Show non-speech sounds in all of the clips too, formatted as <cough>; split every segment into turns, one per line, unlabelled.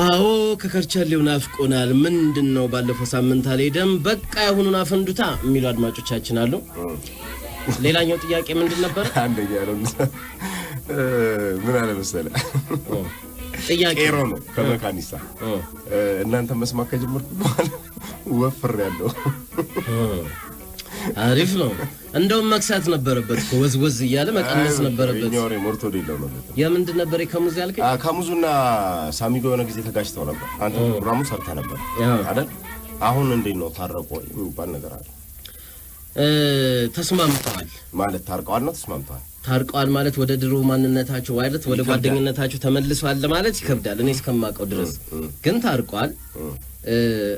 አዎ ከከርቸሌው ናፍቆናል። ምንድን ነው ባለፈው ሳምንት አልሄደም፣ በቃ ያሁኑን አፈንዱታ የሚሉ አድማጮቻችን አሉ። ሌላኛው ጥያቄ ምንድን ነበር?
<laughs> አንደኛ ነው ምን አለ መሰለህ ጥያቄ ቄሮ ነው ከመካኒሳ እናንተ መስማት ከጀመርኩ በኋላ ወፍር ያለው
አሪፍ ነው። እንደውም መክሳት ነበረበት እኮ ወዝወዝ እያለ መቀነስ ነበረበት።
ሞርቶ ሌለው ነው።
የምንድን ነበር የከሙዝ ያልከኝ?
ከሙዙና ሳሚ በሆነ ጊዜ ተጋጭተው ነበር። አንተ ፕሮግራሙ ሰርተ ነበር አይደል? አሁን እንዴት ነው ታረቁ የሚባል ነገር አለ።
ተስማምተዋል
ማለት ታርቀዋል ነው ተስማምተዋል
ታርቀዋል ማለት ወደ ድሮ ማንነታቸው ማለት ወደ ጓደኝነታቸው ተመልሷል ማለት ይከብዳል። እኔ እስከማውቀው ድረስ ግን ታርቀዋል።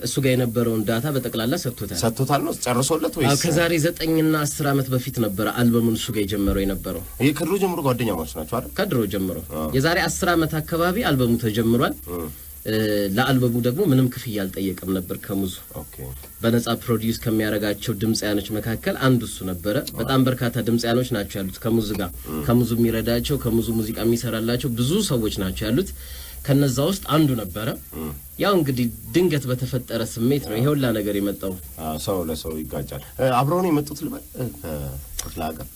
እሱ ጋር የነበረውን ዳታ በጠቅላላ ሰጥቶታል።
ሰጥቶታል ነው ጨርሶለት ወይስ?
ከዛሬ ዘጠኝና አስር ዓመት በፊት ነበረ አልበሙን እሱ ጋር የጀመረው የነበረው።
ይህ ከድሮ ጀምሮ ማለት ናቸው አይደል?
ከድሮ ጀምሮ የዛሬ አስር ዓመት አካባቢ አልበሙ ተጀምሯል። ለአልበሙ ደግሞ ምንም ክፍያ አልጠየቀም ነበር ከሙዙ። በነጻ ፕሮዲውስ ከሚያደርጋቸው ድምፃያኖች መካከል አንዱ እሱ ነበረ። በጣም በርካታ ድምፃያኖች ናቸው ያሉት ከሙዙ ጋር። ከሙዙ የሚረዳቸው ከሙዙ ሙዚቃ የሚሰራላቸው ብዙ ሰዎች ናቸው ያሉት። ከነዛ ውስጥ አንዱ ነበረ። ያው እንግዲህ ድንገት በተፈጠረ ስሜት ነው ይሄ ሁላ ነገር የመጣው።
ሰው ለሰው ይጋጫል። አብረውን የመጡት ልበል ክፍለ ሀገር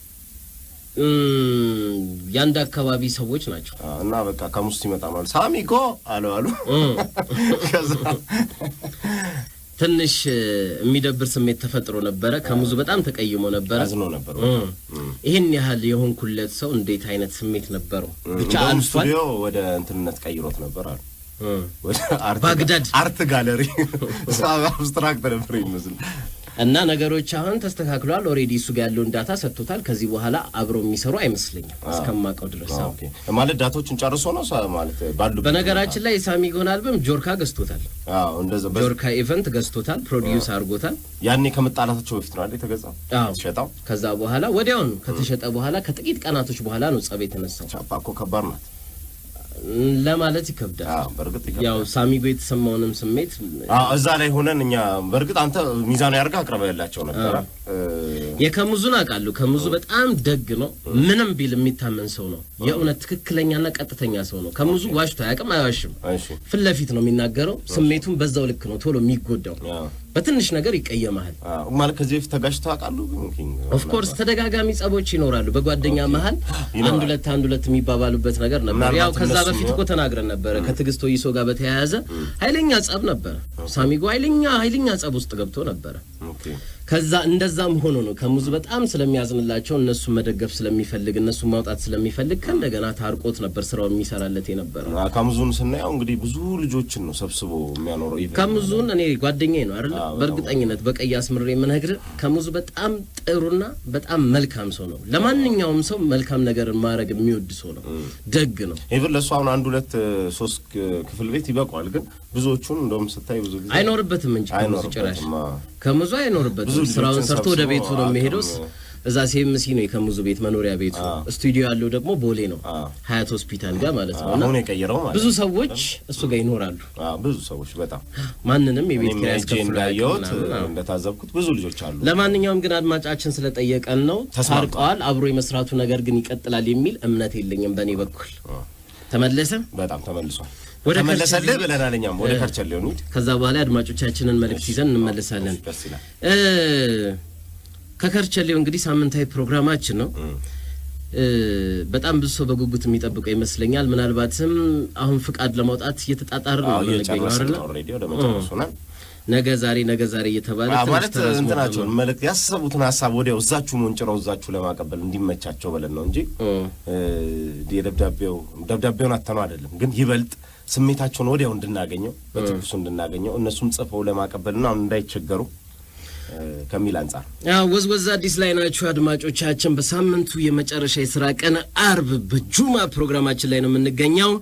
የአንድ አካባቢ ሰዎች ናቸው
እና በቃ ከሙስ ይመጣ ማለት ሳሚ እኮ አሉ አሉ።
ትንሽ የሚደብር ስሜት ተፈጥሮ ነበረ። ከሙዙ በጣም ተቀይሞ ነበረ፣ አዝኖ ነበረ። ይህን ያህል የሆንኩለት ሰው እንዴት አይነት ስሜት ነበረው?
ብቻ አንስቷል። ወደ እንትንነት ቀይሮት ነበር አሉ ባግዳድ አርት ጋለሪ አብስትራክት ነበር ይመስል
እና ነገሮች አሁን ተስተካክሏል። ኦልሬዲ እሱ ጋር ያለውን ዳታ ሰጥቶታል። ከዚህ በኋላ አብሮ የሚሰሩ አይመስለኝም እስከማውቀው ድረስ
ማለት ዳታዎችን ጨርሶ ነው ማለት
ባሉ። በነገራችን ላይ የሳሚ ጎን አልበም ጆርካ ገዝቶታል። ጆርካ ኢቨንት ገዝቶታል፣ ፕሮዲውስ አድርጎታል።
ያኔ ከመጣላታቸው በፊት ነው የተገዛ
ከዛ በኋላ ወዲያውኑ ከተሸጠ በኋላ ከጥቂት ቀናቶች በኋላ ነው ጸብ የተነሳው።
ቻፓ እኮ ከባድ ናት።
ለማለት ይከብዳል። ያው ሳሚጎ የተሰማውንም ስሜት
እዛ ላይ ሆነን እኛ በእርግጥ አንተ ሚዛኑ ያርጋ አቅርበ ያላቸው ነበረ።
የከሙዙን አውቃለሁ። ከሙዙ በጣም ደግ ነው። ምንም ቢል የሚታመን ሰው ነው። የእውነት ትክክለኛና ቀጥተኛ ሰው ነው። ከሙዙ ዋሽቶ አያውቅም፣ አይዋሽም። ፊት ለፊት ነው የሚናገረው። ስሜቱን በዛው ልክ ነው ቶሎ የሚጎዳው በትንሽ ነገር ይቀየማል።
ማለት ከዚህ በፊት ተጋጭተው ያውቃሉ?
ኦፍኮርስ ተደጋጋሚ ጸቦች ይኖራሉ። በጓደኛ መሀል አንድ ሁለት አንድ ሁለት የሚባባሉበት ነገር ነበር። ያው ከዛ በፊት እኮ ተናግረን ነበረ። ከትዕግስት ወይሶ ጋር በተያያዘ ኃይለኛ ጸብ ነበረ። ሳሚጎ ኃይለኛ ኃይለኛ ጸብ ውስጥ ገብቶ ነበረ። ከዛ እንደዛም ሆኖ ነው ከሙዝ በጣም ስለሚያዝንላቸው እነሱን መደገፍ ስለሚፈልግ እነሱን ማውጣት ስለሚፈልግ ከእንደገና ታርቆት ነበር ስራው የሚሰራለት የነበረው።
ከሙዙን ስናየው እንግዲህ ብዙ ልጆችን ነው ሰብስቦ የሚያኖረው።
ከሙዙን እኔ ጓደኛዬ ነው አይደለ? በእርግጠኝነት በቀይ አስምሬ የምነግር ከሙዙ በጣም ጥሩና በጣም መልካም ሰው ነው። ለማንኛውም ሰው መልካም ነገር ማድረግ የሚወድ ሰው ነው። ደግ ነው።
ይብን ለእሱ አሁን አንድ ሁለት ሶስት ክፍል ቤት ይበቋል። ግን ብዙዎቹን እንደውም ስታይ ብዙ ጊዜ
አይኖርበትም እንጂ ከሙዙ ጭራሽ ከሙዙ አይኖርበትም ስራውን ሰርቶ ወደ ቤቱ ነው የሚሄደው። እዛ ሲኤምሲ ነው የከሙዙ ቤት መኖሪያ ቤቱ። ስቱዲዮ ያለው ደግሞ ቦሌ ነው ሀያት ሆስፒታል ጋር ማለት
ነው። አሁን የቀየረው
ማለት ብዙ ሰዎች እሱ ጋር ይኖራሉ።
ብዙ ሰዎች በጣም
ማንንም የቤት ኪራይ
ያስከፍላቸዋል እንደታዘብኩት ብዙ ልጆች አሉ።
ለማንኛውም ግን አድማጫችን ስለጠየቀን ነው ታርቀዋል። አብሮ የመስራቱ ነገር ግን ይቀጥላል የሚል እምነት የለኝም በእኔ በኩል። ተመለሰ፣
በጣም ተመልሷል። ተመለሰልህ ብለናል። እኛም ወደ ሊሆን እንሂድ።
ከዛ በኋላ አድማጮቻችንን መልእክት ይዘን እንመለሳለን። ከከርቸሌው እንግዲህ ሳምንታዊ ፕሮግራማችን ነው። በጣም ብዙ ሰው በጉጉት የሚጠብቀው ይመስለኛል። ምናልባትም አሁን ፍቃድ ለማውጣት እየተጣጣር
ነው ነው
ነገ ዛሬ ነገ ዛሬ እየተባለ
ማለት እንትናቸውን መልእክት ያሰቡትን ሀሳብ ወዲያው እዛችሁ ሞንጭረው እዛችሁ ለማቀበል እንዲመቻቸው ብለን ነው እንጂ ደብዳቤው ደብዳቤውን አተነው አይደለም ግን ይበልጥ ስሜታቸውን ወዲያው እንድናገኘው በትኩሱ እንድናገኘው እነሱም ጽፈው ለማቀበልና እንዳይቸገሩ ከሚል አንጻር
ወዝወዝ አዲስ ላይ ናችሁ አድማጮቻችን። በሳምንቱ የመጨረሻ የስራ ቀን አርብ በጁማ ፕሮግራማችን ላይ ነው የምንገኘው።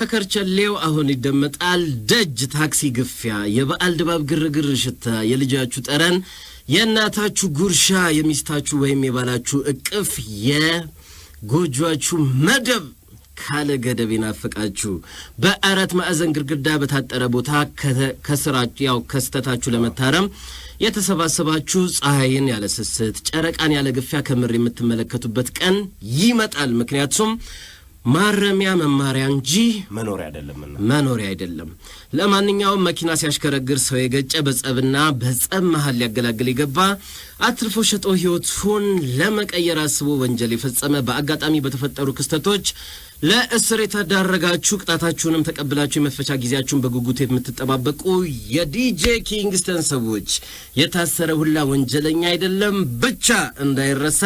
ከከርቸሌው አሁን ይደመጣል። ደጅ ታክሲ ግፊያ፣ የበዓል ድባብ ግርግር ሽታ፣ የልጃችሁ ጠረን፣ የእናታችሁ ጉርሻ፣ የሚስታችሁ ወይም የባላችሁ እቅፍ፣ የጎጇችሁ መደብ ካለ ገደብ ይናፍቃችሁ። በአራት ማዕዘን ግድግዳ በታጠረ ቦታ ከስራችሁ ያው ከስተታችሁ ለመታረም የተሰባሰባችሁ ፀሐይን ያለ ስስት ጨረቃን ያለ ግፊያ ከምር የምትመለከቱበት ቀን ይመጣል። ምክንያቱም ማረሚያ መማሪያ እንጂ
መኖሪያ አይደለምና
መኖሪያ አይደለም። ለማንኛውም መኪና ሲያሽከረግር ሰው የገጨ በጸብና በጸብ መሀል ሊያገላግል የገባ አትርፎ ሸጦ ህይወቱን ለመቀየር አስቦ ወንጀል የፈጸመ በአጋጣሚ በተፈጠሩ ክስተቶች ለእስር የተዳረጋችሁ ቅጣታችሁንም ተቀብላችሁ የመፈቻ ጊዜያችሁን በጉጉት የምትጠባበቁ የዲጄ ኪንግስተን ሰዎች የታሰረ ሁላ ወንጀለኛ አይደለም ብቻ እንዳይረሳ።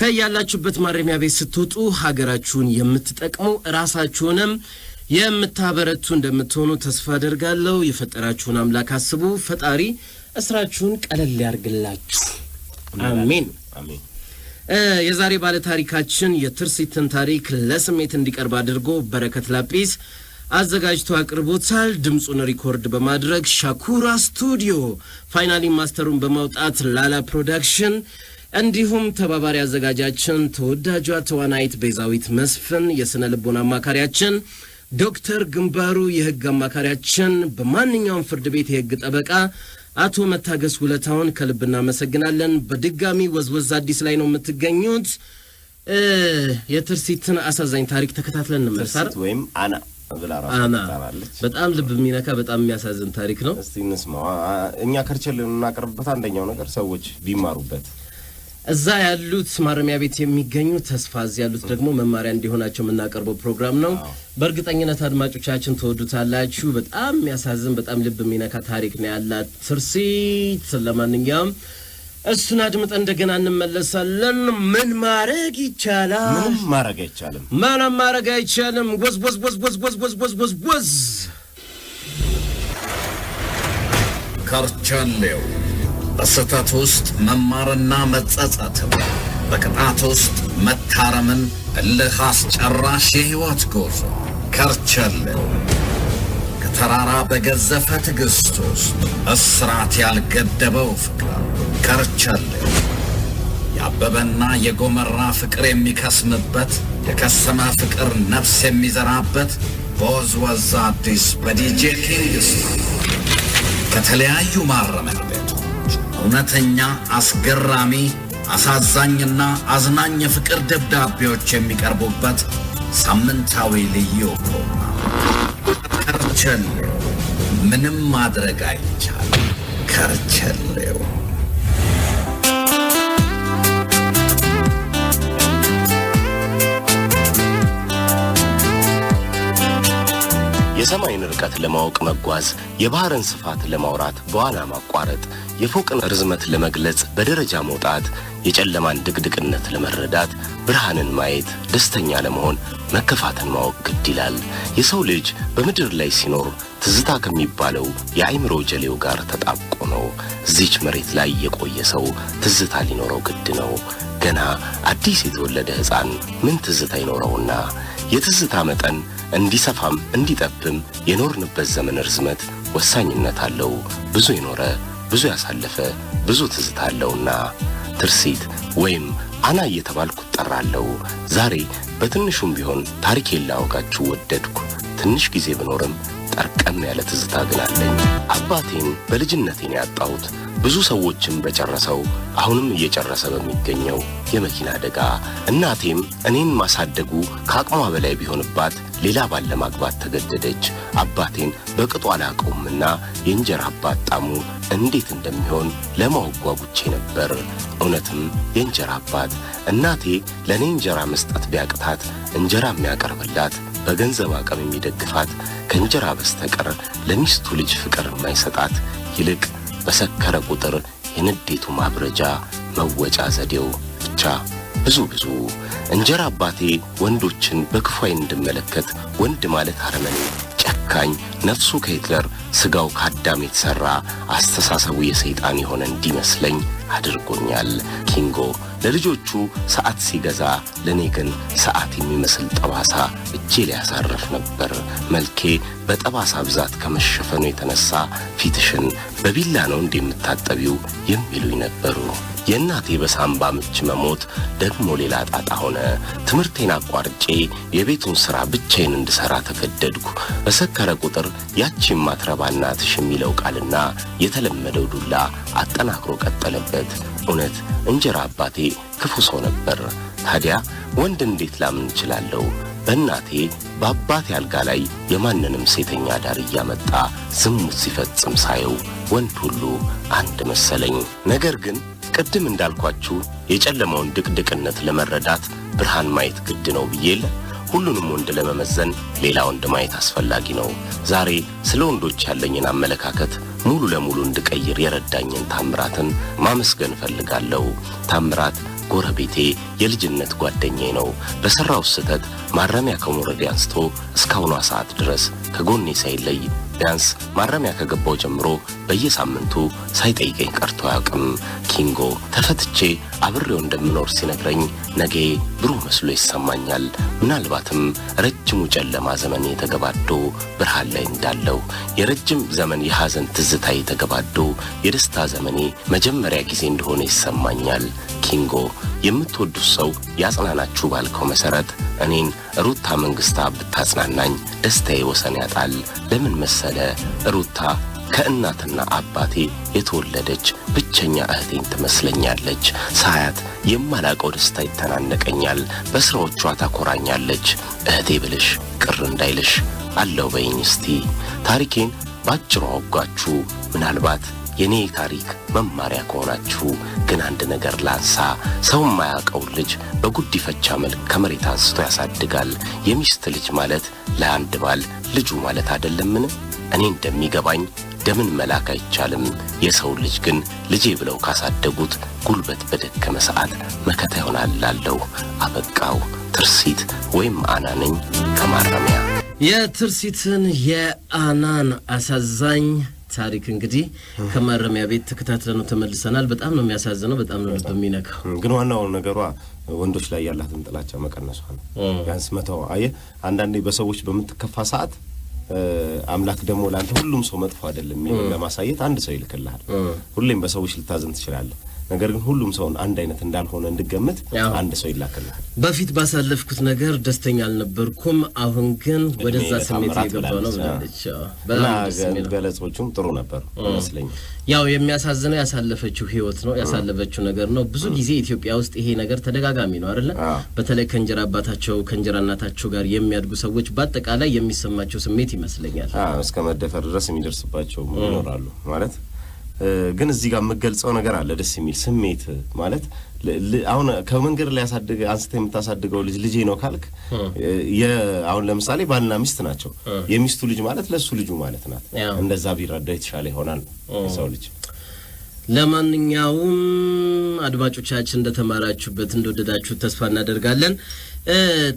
ከያላችሁበት ማረሚያ ቤት ስትወጡ ሀገራችሁን የምትጠቅሙ ራሳችሁንም የምታበረቱ እንደምትሆኑ ተስፋ አደርጋለሁ። የፈጠራችሁን አምላክ አስቡ። ፈጣሪ እስራችሁን ቀለል ያርግላችሁ። አሜን። የዛሬ ባለ ታሪካችን የትርሲትን ታሪክ ለስሜት እንዲቀርብ አድርጎ በረከት ላጲስ አዘጋጅቶ አቅርቦታል። ድምፁን ሪኮርድ በማድረግ ሻኩራ ስቱዲዮ፣ ፋይናሊ ማስተሩን በማውጣት ላላ ፕሮዳክሽን እንዲሁም ተባባሪ አዘጋጃችን ተወዳጇ ተዋናይት ቤዛዊት መስፍን፣ የሥነ ልቦን አማካሪያችን ዶክተር ግንባሩ፣ የሕግ አማካሪያችን፣ በማንኛውም ፍርድ ቤት የሕግ ጠበቃ አቶ መታገስ ውለታውን ከልብ እናመሰግናለን። በድጋሚ ወዝወዝ አዲስ ላይ ነው የምትገኙት። የትርሲትን አሳዛኝ ታሪክ ተከታትለን እንመርሳር ወይም አና አና በጣም ልብ የሚነካ በጣም የሚያሳዝን ታሪክ ነው።
እስቲ እንስማ። እኛ ከርቸል የምናቀርብበት አንደኛው ነገር ሰዎች ቢማሩበት
እዛ ያሉት ማረሚያ ቤት የሚገኙ ተስፋ እዚህ ያሉት ደግሞ መማሪያ እንዲሆናቸው የምናቀርበው ፕሮግራም ነው። በእርግጠኝነት አድማጮቻችን ትወዱታላችሁ። በጣም የሚያሳዝን በጣም ልብ የሚነካ ታሪክ ነው ያላት ትርሲት። ለማንኛውም እሱን አድምጠን እንደገና እንመለሳለን። ምን ማድረግ ይቻላል?
ምንም ማድረግ አይቻልም።
ምንም ማድረግ አይቻልም። ወዝ ወዝ ወዝ ወዝ ወዝ ወዝ ወዝ ወዝ ወዝ ካርቻሌው በስህተት ውስጥ መማርና መጸጸትን፣ በቅጣት ውስጥ መታረምን፣ እልህ አስጨራሽ የሕይወት ጉዞ ከርቸሌው ከተራራ በገዘፈ ትዕግሥት ውስጥ እስራት ያልገደበው ፍቅር ከርቸሌው የአበበና የጎመራ ፍቅር የሚከስምበት የከሰመ ፍቅር ነፍስ የሚዘራበት በወዝወዝ አዲስ በዲጄ ኪንግስ ከተለያዩ ማረሚያ እውነተኛ አስገራሚ አሳዛኝና አዝናኝ የፍቅር ደብዳቤዎች የሚቀርቡበት ሳምንታዊ ልዩ ፕሮግራም ከርቸሌው። ምንም ማድረግ አይቻል ከርቸሌው የሰማይን ርቀት ለማወቅ መጓዝ፣ የባህርን ስፋት ለማውራት በዋና ማቋረጥ የፎቅን ርዝመት ለመግለጽ በደረጃ መውጣት፣ የጨለማን ድቅድቅነት ለመረዳት ብርሃንን ማየት፣ ደስተኛ ለመሆን መከፋትን ማወቅ ግድ ይላል። የሰው ልጅ በምድር ላይ ሲኖር ትዝታ ከሚባለው የአይምሮ ጀሌው ጋር ተጣብቆ ነው። እዚች መሬት ላይ የቆየ ሰው ትዝታ ሊኖረው ግድ ነው። ገና አዲስ የተወለደ ሕፃን ምን ትዝታ ይኖረውና? የትዝታ መጠን እንዲሰፋም እንዲጠብም የኖርንበት ዘመን ርዝመት ወሳኝነት አለው። ብዙ የኖረ ብዙ ያሳለፈ ብዙ ትዝታ አለውና ትርሲት ወይም አና እየተባልኩ እጠራለሁ። ዛሬ በትንሹም ቢሆን ታሪኬን ላወጋችሁ ወደድኩ። ትንሽ ጊዜ ብኖርም ጠርቀም ያለ ትዝታ ግን አለኝ። አባቴን በልጅነቴን ያጣሁት ብዙ ሰዎችን በጨረሰው አሁንም እየጨረሰ በሚገኘው የመኪና አደጋ እናቴም እኔን ማሳደጉ ከአቅሟ በላይ ቢሆንባት ሌላ ባል ለማግባት ተገደደች። አባቴን በቅጡ አላውቀውምና የእንጀራ አባት ጣሙ እንዴት እንደሚሆን ለማወቅ ጓጉቼ ነበር። እውነትም የእንጀራ አባት እናቴ ለእኔ እንጀራ መስጠት ቢያቅታት እንጀራ የሚያቀርብላት በገንዘብ አቅም የሚደግፋት ከእንጀራ በስተቀር ለሚስቱ ልጅ ፍቅር የማይሰጣት ይልቅ በሰከረ ቁጥር የንዴቱ ማብረጃ መወጫ ዘዴው ብቻ ብዙ ብዙ እንጀራ አባቴ ወንዶችን በክፉ እንድመለከት ወንድ ማለት አረመኔ፣ ጨካኝ፣ ነፍሱ ከሂትለር ስጋው ከአዳም የተሰራ አስተሳሰቡ የሰይጣን የሆነ እንዲመስለኝ አድርጎኛል። ኪንጎ ለልጆቹ ሰዓት ሲገዛ፣ ለእኔ ግን ሰዓት የሚመስል ጠባሳ እጄ ላይ ያሳረፍ ነበር። መልኬ በጠባሳ ብዛት ከመሸፈኑ የተነሳ ፊትሽን በቢላ ነው እንደምታጠቢው የሚሉኝ ነበሩ። የእናቴ በሳምባ ምች መሞት ደግሞ ሌላ ጣጣ ሆነ። ትምህርቴን አቋርጬ የቤቱን ሥራ ብቻዬን እንድሠራ ተገደድኩ። በሰከረ ቁጥር ያቺ የማትረባ እናትሽ የሚለው ቃልና የተለመደው ዱላ አጠናክሮ ቀጠለበት። እውነት እንጀራ አባቴ ክፉ ሰው ነበር። ታዲያ ወንድ እንዴት ላምን እችላለሁ? በእናቴ በአባቴ አልጋ ላይ የማንንም ሴተኛ ዳር እያመጣ ዝሙት ሲፈጽም ሳየው ወንድ ሁሉ አንድ መሰለኝ። ነገር ግን ቅድም እንዳልኳችሁ የጨለማውን ድቅድቅነት ለመረዳት ብርሃን ማየት ግድ ነው ብዬለ ሁሉንም ወንድ ለመመዘን ሌላ ወንድ ማየት አስፈላጊ ነው። ዛሬ ስለ ወንዶች ያለኝን አመለካከት ሙሉ ለሙሉ እንድቀይር የረዳኝን ታምራትን ማመስገን እፈልጋለሁ። ታምራት ጎረቤቴ፣ የልጅነት ጓደኛዬ ነው። በሠራው ስህተት ማረሚያ ከመውረዴ አንስቶ እስካሁኗ ሰዓት ድረስ ከጎኔ ሳይለይ ቢያንስ ማረሚያ ከገባው ጀምሮ በየሳምንቱ ሳይጠይቀኝ ቀርቶ አያውቅም። ኪንጎ ተፈትቼ አብሬው እንደምኖር ሲነግረኝ ነገ ብሩህ መስሎ ይሰማኛል። ምናልባትም ረጅሙ ጨለማ ዘመን የተገባዶ ብርሃን ላይ እንዳለው የረጅም ዘመን የሐዘን ትዝታ የተገባዶ የደስታ ዘመኔ መጀመሪያ ጊዜ እንደሆነ ይሰማኛል። ኪንጎ የምትወዱት ሰው ያጽናናችሁ ባልከው መሰረት እኔን ሩታ መንግስታ ብታጽናናኝ ደስታዬ ወሰን ያጣል። ለምን መሰለ ሩታ ከእናትና አባቴ የተወለደች ብቸኛ እህቴን ትመስለኛለች። ሳያት የማላቀው ደስታ ይተናነቀኛል። በስራዎቿ ታኮራኛለች። እህቴ ብልሽ ቅር እንዳይልሽ አለው በይኝ እስቲ ታሪኬን ባጭሩ ወጓችሁ ምናልባት የኔ ታሪክ መማሪያ ከሆናችሁ ግን አንድ ነገር ላንሳ። ሰው የማያውቀው ልጅ በጉዲፈቻ መልክ ከመሬት አንስቶ ያሳድጋል። የሚስት ልጅ ማለት ለአንድ ባል ልጁ ማለት አይደለምን? እኔ እንደሚገባኝ ደምን መላክ አይቻልም። የሰው ልጅ ግን ልጄ ብለው ካሳደጉት ጉልበት በደከመ ሰዓት መከታ ይሆናል አበቃው። ትርሲት ወይም አና ነኝ ከማረሚያ የትርሲትን የአናን አሳዛኝ ታሪክ እንግዲህ ከማረሚያ ቤት ተከታትለ ነው ተመልሰናል። በጣም ነው የሚያሳዝነው፣ በጣም ነው ልብ የሚነካው።
ግን ዋናው ነገሯ ወንዶች ላይ ያላትን ጥላቻ መቀነሷ ነው። ቢያንስ መተዋ። አንዳንዴ በሰዎች በምትከፋ ሰዓት አምላክ ደግሞ ለአንተ ሁሉም ሰው መጥፎ አይደለም ለማሳየት አንድ ሰው ይልክልሃል። ሁሌም በሰዎች ልታዘን ትችላለህ። ነገር ግን ሁሉም ሰውን አንድ አይነት እንዳልሆነ እንድገምት አንድ ሰው ይላክልሃል።
በፊት ባሳለፍኩት ነገር ደስተኛ አልነበርኩም፣ አሁን ግን ወደዛ ስሜት እየገባ ነው
ብላለች። ገለጾቹም ጥሩ ነበር ይመስለኛል።
ያው የሚያሳዝነው ያሳለፈችው ህይወት ነው ያሳለፈችው ነገር ነው። ብዙ ጊዜ ኢትዮጵያ ውስጥ ይሄ ነገር ተደጋጋሚ ነው አይደለ? በተለይ ከእንጀራ አባታቸው ከእንጀራ እናታቸው ጋር የሚያድጉ ሰዎች በአጠቃላይ የሚሰማቸው ስሜት ይመስለኛል
እስከ መደፈር ድረስ የሚደርስባቸው ይኖራሉ ማለት ግን እዚህ ጋር የምገልጸው ነገር አለ ደስ የሚል ስሜት ማለት አሁን ከመንገድ ላይ ያሳድገ አንስተ የምታሳድገው ልጅ ልጄ ነው ካልክ አሁን ለምሳሌ ባልና ሚስት ናቸው። የሚስቱ ልጅ ማለት ለእሱ ልጁ ማለት ናት። እንደዛ ቢረዳ የተሻለ ይሆናል ሰው ልጅ።
ለማንኛውም አድማጮቻችን እንደተማራችሁበት እንደወደዳችሁ ተስፋ እናደርጋለን።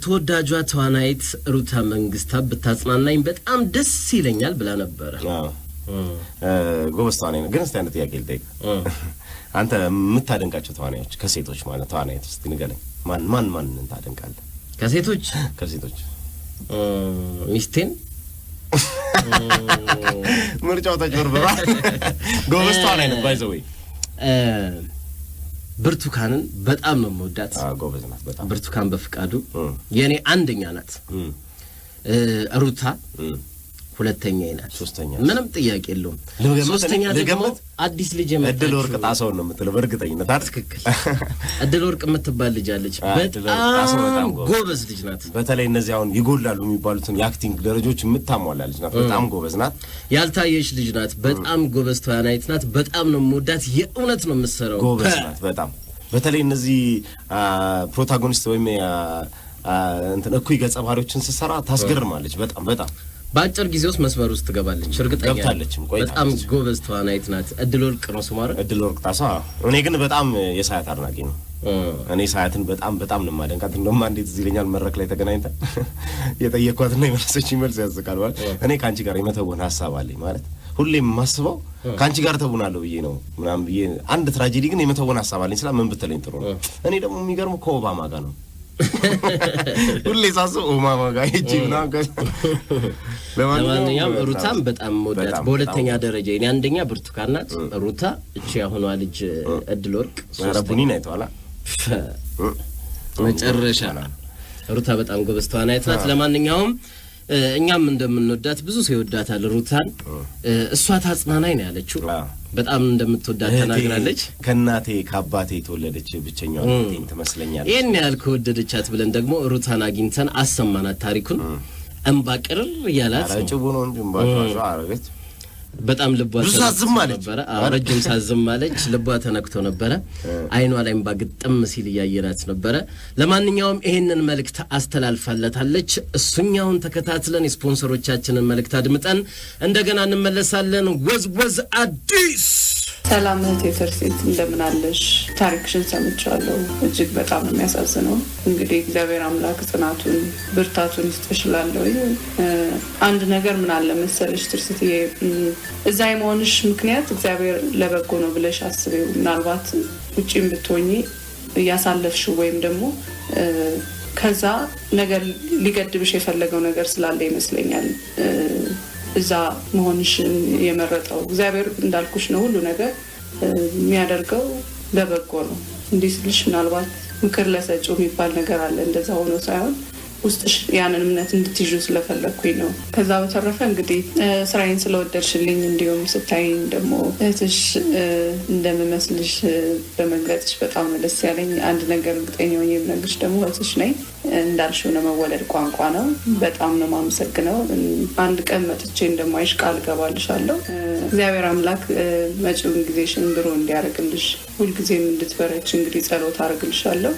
ተወዳጇ ተዋናይት ሩታ መንግስታ ብታጽናናኝ በጣም ደስ ይለኛል ብላ ነበረ።
ጎበዝ ተዋናይ ነው። ግን እስቲ አይነት ጥያቄ ልጠይቅ። <laughs> አንተ የምታደንቃቸው ተዋናዮች ከሴቶች ማለት ተዋናየት ውስጥ ንገለኝ። ማን ማን ማን ታደንቃለህ? ከሴቶች <laughs> ከሴቶች ሚስቴን ምርጫው ተጭበርብሯል። <laughs> ጎበዝ ተዋናይ ነው ባይ ዘ ወይ
ብርቱካንን በጣም ነው መወዳት። ጎበዝ ናት በጣም ብርቱካን በፍቃዱ የእኔ አንደኛ ናት። ሩታ ሁለተኛ ሶስተኛ ምንም ጥያቄ የለውም። ሶስተኛ ደግሞ አዲስ ልጅ
እድል ወርቅ ጣሰውን ነው የምትለው። በእርግጠኝነት ትክክል።
<laughs> እድል ወርቅ የምትባል ልጅ አለች። በጣም ጎበዝ ልጅ ናት።
በተለይ እነዚህ አሁን ይጎላሉ የሚባሉትን የአክቲንግ ደረጃዎች የምታሟላ ልጅ ናት። በጣም ጎበዝ ናት።
ያልታየች ልጅ ናት። በጣም ጎበዝ ተዋናይት ናት። በጣም ነው የምወዳት። የእውነት ነው የምትሰራው።
ጎበዝ ናት በጣም በተለይ እነዚህ ፕሮታጎኒስት ወይም እንትን እኩይ ገጸ ባህሪዎችን ስትሰራ ታስገርማለች። በጣም በጣም
በአጭር ጊዜ ውስጥ መስመር ውስጥ ትገባለች። እርግጠኛ ገብታለችም። በጣም ጎበዝ ተዋናይት ናት። እድል ወርቅ ነው ስሟ
እድል ወርቅ ጣሳ። እኔ ግን በጣም የሳያት አድናቂ ነው። እኔ ሳያትን በጣም በጣም ነው የማደንቃት። እንደውም አንዴ ትዝ ይለኛል መድረክ ላይ ተገናኝተን <laughs> የጠየኳትና የመለሰችኝ መልስ ያስቃል። ማለት እኔ ከአንቺ ጋር የመተወን ሀሳብ አለኝ ማለት ሁሌም የማስበው ከአንቺ ጋር ተውናለሁ ብዬ ነው ምናምን ብዬ አንድ ትራጀዲ ግን የመተወን ሀሳብ አለኝ ስላ ምን ብትለኝ ጥሩ ነው። እኔ ደግሞ የሚገርሙ ከኦባማ ጋር ነው <laughs> ሁሌ ሳሱ ኦማማ ጋር ሄጄ ምናምን <laughs>
ለማንኛውም ሩታም በጣም መወዳት በሁለተኛ ደረጃ እኔ አንደኛ ብርቱካን ናት። ሩታ እቺ ያሁኗ ልጅ እድል ወርቅ
ረቡኒን አይተዋላ
መጨረሻ ሩታ በጣም ጎበዝ ተዋናይት ናት። ለማንኛውም እኛም እንደምንወዳት ብዙ ሰው ይወዳታል ሩታን። እሷ ታጽናናኝ ነው ያለችው በጣም እንደምትወዳት ተናግራለች።
ከእናቴ ከአባቴ የተወለደች ብቸኛዋ እህቴን ትመስለኛል።
ይህን ያህል ከወደደቻት ብለን ደግሞ ሩታን አግኝተን አሰማናት ታሪኩን። እምባ ቅርር እያላት
ጭቡ ነው እንጂ እምባ አረገች። በጣም ልቧ ሳዝም
ረጅም ሳዝም አለች። ልቧ ተነክቶ ነበረ። አይኗ ላይም ባግጥም ሲል እያየናት ነበረ። ለማንኛውም ይሄንን መልእክት አስተላልፋለታለች። እሱኛውን ተከታትለን የስፖንሰሮቻችንን መልእክት አድምጠን እንደገና እንመለሳለን። ወዝወዝ አዲስ
ሰላም እህቴ ተርሴት እንደምናለሽ። ታሪክሽን ሰምቻለሁ። እጅግ በጣም የሚያሳዝነው እንግዲህ እግዚአብሔር አምላክ ጽናቱን ብርታቱን ይስጥሽላለሁ። አንድ ነገር ምን አለ መሰለሽ ትርሴት፣ እዛ የመሆንሽ ምክንያት እግዚአብሔር ለበጎ ነው ብለሽ አስቤው ምናልባት ውጭም ብትሆኚ እያሳለፍሽ ወይም ደግሞ ከዛ ነገር ሊገድብሽ የፈለገው ነገር ስላለ ይመስለኛል እዛ መሆንሽ የመረጠው እግዚአብሔር እንዳልኩሽ ነው። ሁሉ ነገር የሚያደርገው ለበጎ ነው። እንዲህ ስልሽ ምናልባት ምክር ለሰጪው የሚባል ነገር አለ። እንደዛ ሆኖ ሳይሆን ውስጥሽ ያንን እምነት እንድትይዙ ስለፈለግኩኝ ነው። ከዛ በተረፈ እንግዲህ ስራዬን ስለወደድሽልኝ እንዲሁም ስታይኝ ደግሞ እህትሽ እንደምመስልሽ በመግለጽሽ በጣም ነው ደስ ያለኝ። አንድ ነገር እርግጠኛ ሆኜ የምነግርሽ ደግሞ እህትሽ ነኝ። እንዳልሽው ነው፣ መወለድ ቋንቋ ነው። በጣም ነው የማመሰግነው። አንድ ቀን መጥቼ እንደማይሽ ቃል እገባልሻለሁ። እግዚአብሔር አምላክ መጪውን ጊዜሽን ብሩህ እንዲያደርግልሽ ሁልጊዜም እንድትበረች እንግዲህ ጸሎት አደርግልሻለሁ።